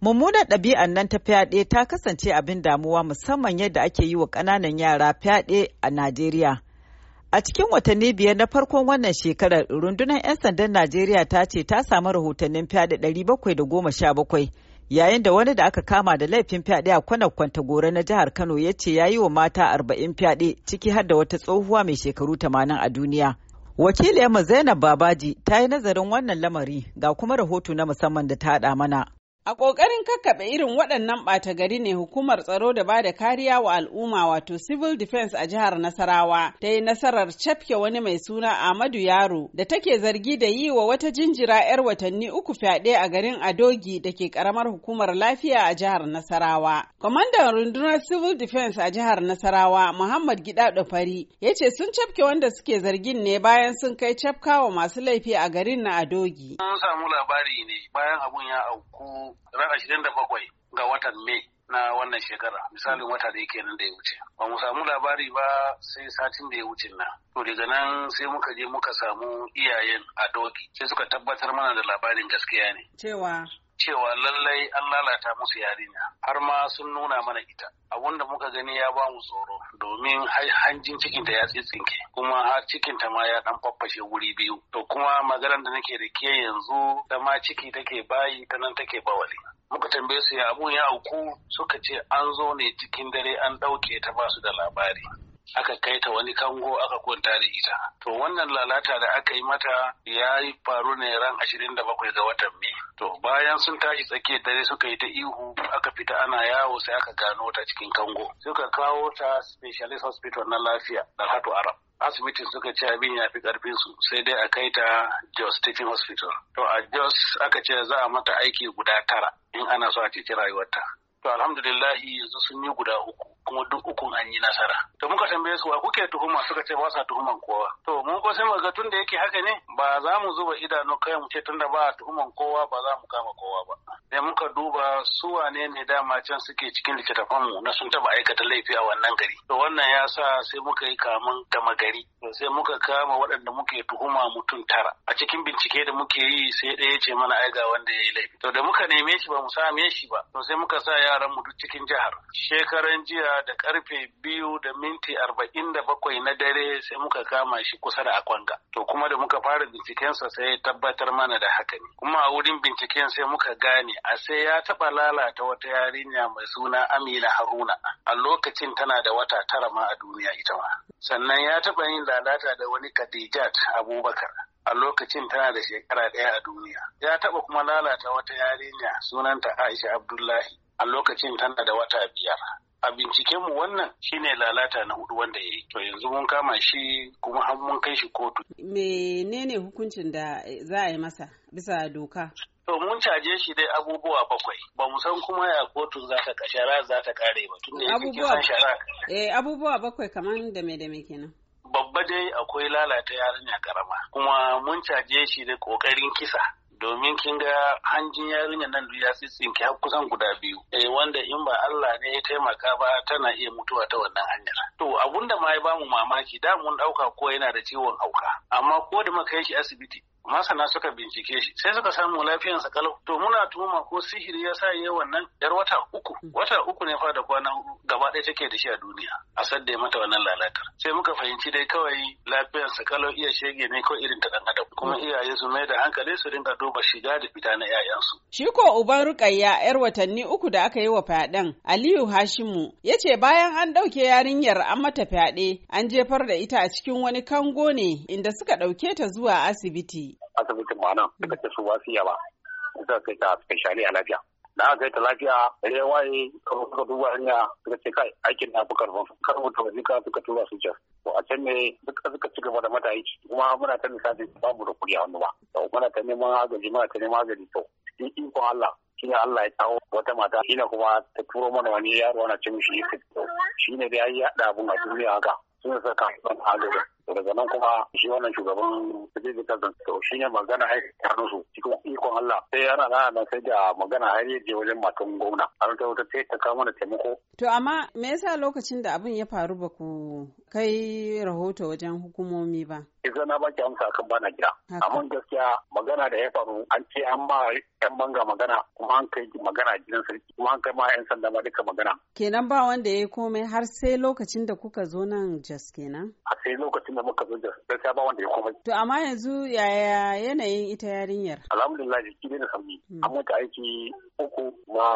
Mummunar ɗabi'ar nan ta fyaɗe ta kasance abin damuwa musamman yadda ake yi wa ƙananan yara fyaɗe a Najeriya. A cikin watanni biyar na farkon wannan shekarar rundunar 'yan sandan Najeriya ta ce ta samu rahotannin fyaɗe bakwai. yayin da wani da aka kama da laifin fyaɗe a kwanar goro na jihar Kano ya ce ya yi wa mata arba'in fyaɗe ciki har da wata tsohuwa mai shekaru tamanin a duniya. Wakiliyarmu Zainab Babaji ta yi nazarin wannan lamari ga kuma rahoto na musamman da ta haɗa mana. A ƙoƙarin kakkaɓe irin waɗannan ɓata gari ne hukumar tsaro da ba da kariya wa al'umma wato civil defense a jihar Nasarawa ta yi nasarar cafke wani mai suna Ahmadu Yaro da take zargi da yi wa wata jinjira 'yar watanni uku fyaɗe a garin Adogi da ke ƙaramar hukumar lafiya a jihar Nasarawa. Kwamandan rundunar civil defense a jihar Nasarawa Muhammad gida Fari ya ce sun cafke wanda suke zargin ne bayan sun kai cafkawa masu laifi a garin na Adogi. Mun samu labari ne bayan abun ya auku ran ashirin da bakwai ga watan Mai na wannan shekara misalin wata da yake nan da ya wuce ba mu samu labari ba sai satin da ya wuce na to daga nan sai muka je muka samu iyayen a doki sai suka tabbatar mana da labarin gaskiya ne cewa cewa lallai an lalata musu yarinya har ma sun nuna mana ita abun da muka gani ya ba mu tsoro domin hanjin cikinta ya tsitsinke kuma har cikinta ma ya dan faffashe wuri biyu to kuma maganar da nake da ke yanzu da ma ciki take bayi ta nan take bawali muka tambaye su ya abun ya auku suka ce an zo ne cikin dare an ɗauke ta basu da labari aka kai ta wani kango aka kwanta da ita. To wannan lalata da aka yi mata ya yi faru ne ran ashirin da bakwai ga watan Mai. To bayan sun tashi tsakiyar dare suka yi ta ihu aka fita ana yawo sai aka gano ta cikin kango. Suka kawo ta specialist hospital na lafiya da Hatu Arab. asibitin suka ce abin ya fi su sai dai a kai ta Jos teaching Hospital. To a Jos aka ce za a mata aiki guda tara in ana so a ceci rayuwarta. To alhamdulillahi yanzu sun yi guda uku. kuma duk ukun an yi nasara. To muka tambaye su wa kuke tuhuma suka ce ba sa tuhuman kowa. To mu ko sai muga tun da yake haka ne ba za mu zuba idanu kai mu ce tunda ba tuhuman kowa ba za mu kama kowa ba. Sai muka duba su wane ne dama can suke cikin littattafan mu na sun taba aikata laifi a wannan gari. To wannan ya sa sai muka yi kaman gama gari. Sai muka kama waɗanda muke tuhuma mutum tara. A cikin bincike da muke yi sai ɗaya ce mana aiga wanda ya yi laifi. To da muka neme shi ba mu same shi ba. To sai muka sa yaran mu duk cikin jihar. Shekaran jiya da karfe biyu da minti arba'in da bakwai na dare sai muka kama shi kusa da akwanga to kuma da muka fara bincikensa sai tabbatar mana da haka ne kuma a wurin binciken sai muka gane a sai ya taba lalata wata yarinya mai suna amina haruna a lokacin tana da wata tara ma a duniya ita ma sannan ya taba yin lalata da wani kadijat abubakar a lokacin tana da shekara ɗaya a duniya ya taba kuma lalata wata yarinya sunanta aisha abdullahi a lokacin tana da wata biyar a binciken mu wannan shine lalata na hudu wanda ya yi to yanzu mun kama shi kuma har mun kai shi kotu menene hukuncin da za a yi masa bisa doka To mun caje shi dai abubuwa bakwai, ba mu san kuma ya kotun za ta shara za ta kare ba tun da yake kisan shara. Eh abubuwa bakwai kamar da me da me kenan. Babba dai akwai lalata yarinya karama, kuma mun caje shi da kokarin kisa. domin kin ga hanjin yarinyar nan ya tsitsinke har kusan guda biyu eh wanda in ba Allah ne ya taimaka ba tana iya mutuwa ta wannan hanyar to abun da ma ya bamu mamaki da mun dauka ko yana da ciwon hauka amma ko da muka kai shi asibiti masana suka bincike shi sai suka samu lafiyansa kalau to muna tuhuma ko sihiri ya sa yayi wannan yar wata uku hmm. wata uku ne fa da kwana hudu gaba ɗaya take da shi a duniya a sadda mata wannan lalatar sai muka fahimci dai kawai lafiyarsa kalau iya shege ne ko irin ta dan adam kuma hmm. iyaye su mai da hankali su dinga duba shiga da fita na yayansu shi ko uban rukayya yar watanni uku da aka yi wa fyaɗen aliyu hashimu ya ce bayan an ɗauke yarinyar an mata fyaɗe an jefar da ita a cikin wani kango ne inda suka ɗauke ta zuwa asibiti asibitin ma nan suka ce su ba yawa. ba suka kai ta speciali a lafiya da aka kai ta lafiya ɗaya waye kuma suka duba hanya suka ce kai aikin na fi karfin karfin ta wajika suka tura su jas to a can ne duka suka ci gaba da mata aiki kuma muna ta ba mu da kuɗi a wani ba to muna ta neman agaji muna ta neman agaji to in ikon Allah shine Allah ya kawo wata mata ne kuma ta turo mana wani yaro ana cin shi shine da ya yi haɗa abun a duniya haka sun saka a agajin daga nan kuma shi wannan shugaban Sadiq da to shi ne magana aikata su cikin ikon Allah sai yana nan nan sai da magana har yaje wajen matan gwamna har ta wata sai ta kawo mana taimako to amma me yasa lokacin da abin ya faru ba ku kai rahoto wajen hukumomi ba? Iza na baki amsa kan bana gida. Amma gaskiya magana da ya faru an ce an ba yan banga magana kuma an kai magana gidan sarki kuma an kai ma yan sanda ma duka magana. Kenan ba wanda ya yi komai har sai lokacin da kuka zo nan Jos kenan? A sai lokacin da muka zo Jos gaskiya ba wanda ya komai. To amma yanzu yaya yanayin ita yarinyar? Alhamdulillah jiki ne da sauki. Amma ta aiki uku ma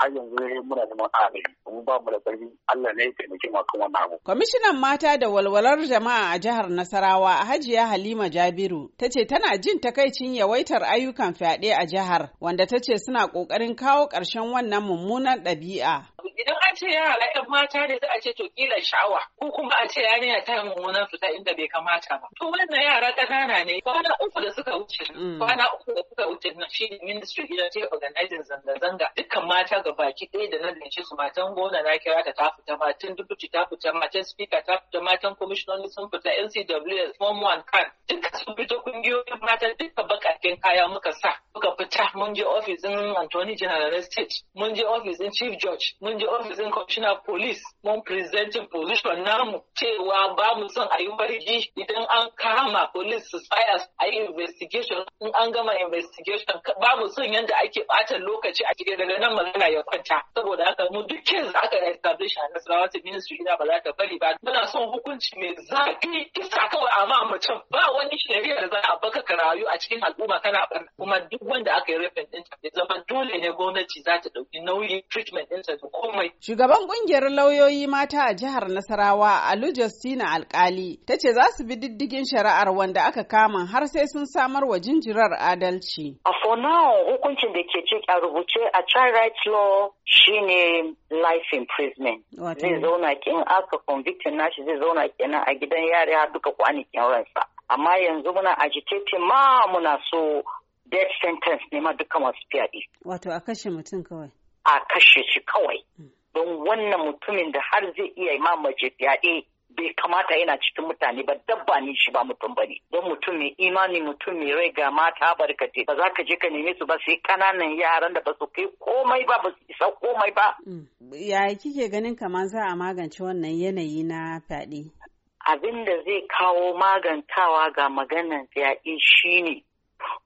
har yanzu muna neman ne. Mun ba mu da ƙarfi Allah ne ya taimake ma kan wannan abu. Kwamishina Kwamishinan mata da walwalar jama'a a jihar Nasarawa Hajiya Halima Jabiru ta ce tana jin takaicin yawaitar ayyukan fyaɗe a jihar wanda ta ce suna ƙoƙarin kawo ƙarshen wannan mummunan ɗabi'a. Idan an ce yara 'yan mata ne za a ce to kila sha'awa ko kuma a ce yarinya ta mummunan fita inda bai kamata ba. To wannan yara ƙanana ne kwana uku da suka wuce. Mm. Kwana uku da suka wuce na shi ministry idan ce organizing zanga-zanga dukkan mata ga baki ɗaya da na dace su matan gona na kira ta ta fita tun dubuci ta fita tun speaker ma'aikata da matan kwamishinoni sun fita NCWS form one kan duka sun fito kungiyoyin mata duka bakakin kaya muka sa muka fita mun je ofisin Anthony General State mun je ofisin Chief Judge mun je ofisin Commissioner Police mun presenting position namu cewa ba mu son a yi warji idan an kama police su tsaya a yi investigation in an gama investigation ba mu son yadda ake bata lokaci a cikin daga nan magana ya kwanta saboda haka mu duk kes da aka establish a Nasarawa Ministry ina ba za ta bari ba muna son hukunci mai zafi kisa kawai a ma mutum ba wani shari'a da za a baka ka rayu a cikin al'umma kana barna kuma duk wanda aka yi rufin din ta zama dole ne gwamnati za ta dauki nauyi treatment din ta komai shugaban ƙungiyar lauyoyi mata a jihar Nasarawa Alu Justina Alkali ta ce za su bi diddigin shari'ar wanda aka kama har sai sun samar wa jinjirar adalci a uh, for now hukuncin da ke a rubuce a child rights law shine life imprisonment zai zauna kin aka convict nashi zai zauna kenan a gidan yari har duka kwanakin ransa amma yanzu muna agitating ma muna so death sentence ne ma duka masu fyaɗe. Wato a kashe mutum kawai. A kashe shi kawai. Mm. Don wannan mutumin da har zai iya ma mace fyaɗe bai kamata yana cikin mutane ba dabba ne shi ba mutum ba ne don mutum mai imani mutum mai rai ga mata barkate ba za ka je ka neme su ba sai kananan yaran da ba su kai komai ba ba su isa komai ba. yaya mm. kike ganin kamar za a magance wannan yanayi na fyaɗe? abin da zai kawo magantawa ga maganan fyaɗe shine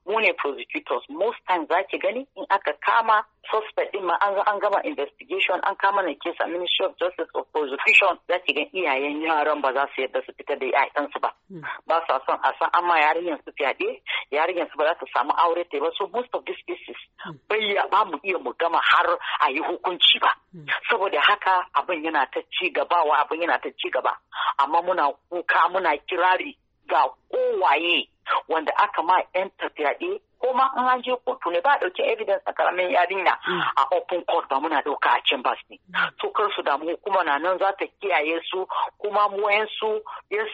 mu prosecutors most times za ki gani in aka kama suspect din ma an gama investigation an kama na kesa ministry of justice of prosecution za ki gani iyayen yaran ba za su yadda su fita da yayan su ba hmm. ba sa son a san amma yarinyar su fyaɗe yarinyar su ba za ta samu aure ta ba so most of these cases hmm. bai ya ba mu iya mu gama har a yi hukunci ba hmm. saboda haka abin yana ta ci gaba wa abin yana ta ci gaba amma muna kuka muna kirari ga kowaye wanda aka ma yan fyaɗe ko ma an an je kotu ne ba a ɗauki evidence a karamin yarinya mm. a open court ba muna ɗauka a bas ne mm. to kar su damu hukuma na nan za ta kiyaye su kuma mu yan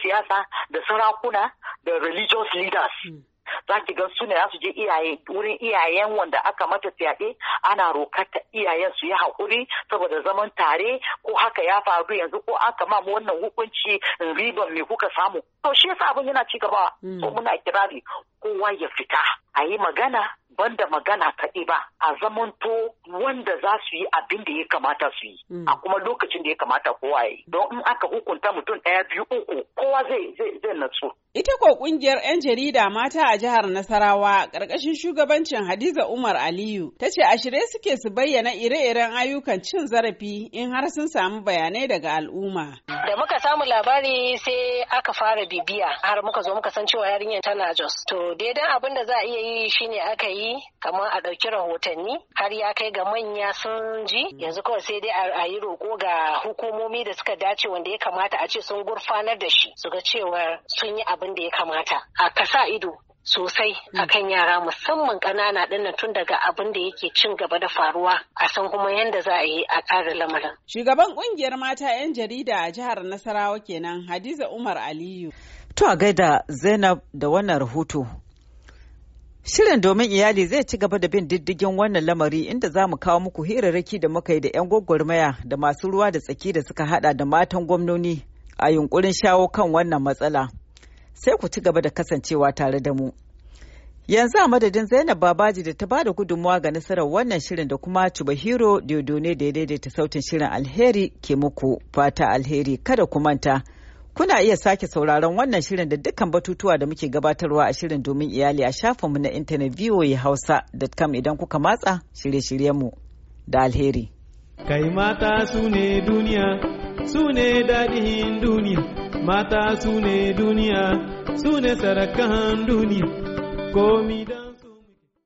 siyasa da sarakuna da religious leaders mm. za ki ga su ne su je iyaye wurin iyayen wanda aka mata fyaɗe ana rokata iyayen su yi haƙuri saboda zaman tare ko haka ya faru yanzu ko aka ma wannan hukunci riban me kuka samu to shi yasa abin yana ci gaba Ko mm. muna kirari kowa ya fita a yi magana banda magana kaɗai ba a zamanto wanda za su yi abin da ya kamata su yi mm. a kuma lokacin da ya kamata kowa yi don in aka hukunta mutum ɗaya biyu uku kowa zai zai natsu. Ita ko kungiyar 'yan jarida mata a jihar Nasarawa ƙarƙashin shugabancin Hadiza Umar Aliyu ta ce a shirye suke su bayyana ire-iren ayyukan cin zarafi in har sun samu bayanai daga al'umma. Da muka samu labari sai aka fara bibiya har muka zo muka san cewa yarinyar tana Jos. To daidan abin da za a iya yi shine aka yi yi kamar a ɗauki rahotanni har ya kai ga manya sun ji mm. yanzu kawai sai dai a yi roƙo ga hukumomi da suka dace wanda ya kamata a ce sun gurfanar da shi su ga cewa sun yi abin da ya kamata a kasa ido sosai mm. a kan yara musamman ƙanana ɗin tun daga abin da yake cin gaba da faruwa a san kuma yadda za a yi a ƙara lamarin. Shugaban ƙungiyar mata 'yan jarida a jihar Nasarawa kenan Hadiza Umar Aliyu. To a gaida Zainab da wannan rahoto Shirin domin iyali zai ci gaba da bin diddigin wannan lamari inda za mu kawo muku hirarraki da muka yi da 'yan gwagwarmaya da masu ruwa da tsaki da suka hada da matan gwamnoni a yunkurin shawo kan wannan matsala. Sai ku ci gaba da kasancewa tare da mu. Yanzu a madadin Zainab Babaji da ta bada gudunmawa ga nasarar wannan shirin da kuma Chubahiro ne da ya daidaita sautin shirin alheri ke muku fata alheri kada ku manta. Kuna iya sake sauraron wannan shirin da dukkan batutuwa da muke gabatarwa a shirin domin iyali a shafinmu na intanet voahausa.com idan kuka matsa shirye-shiryenmu da alheri. Kai mata su ne duniya, su ne daɗin duniya, mata su ne duniya, su ne sarakan duniya,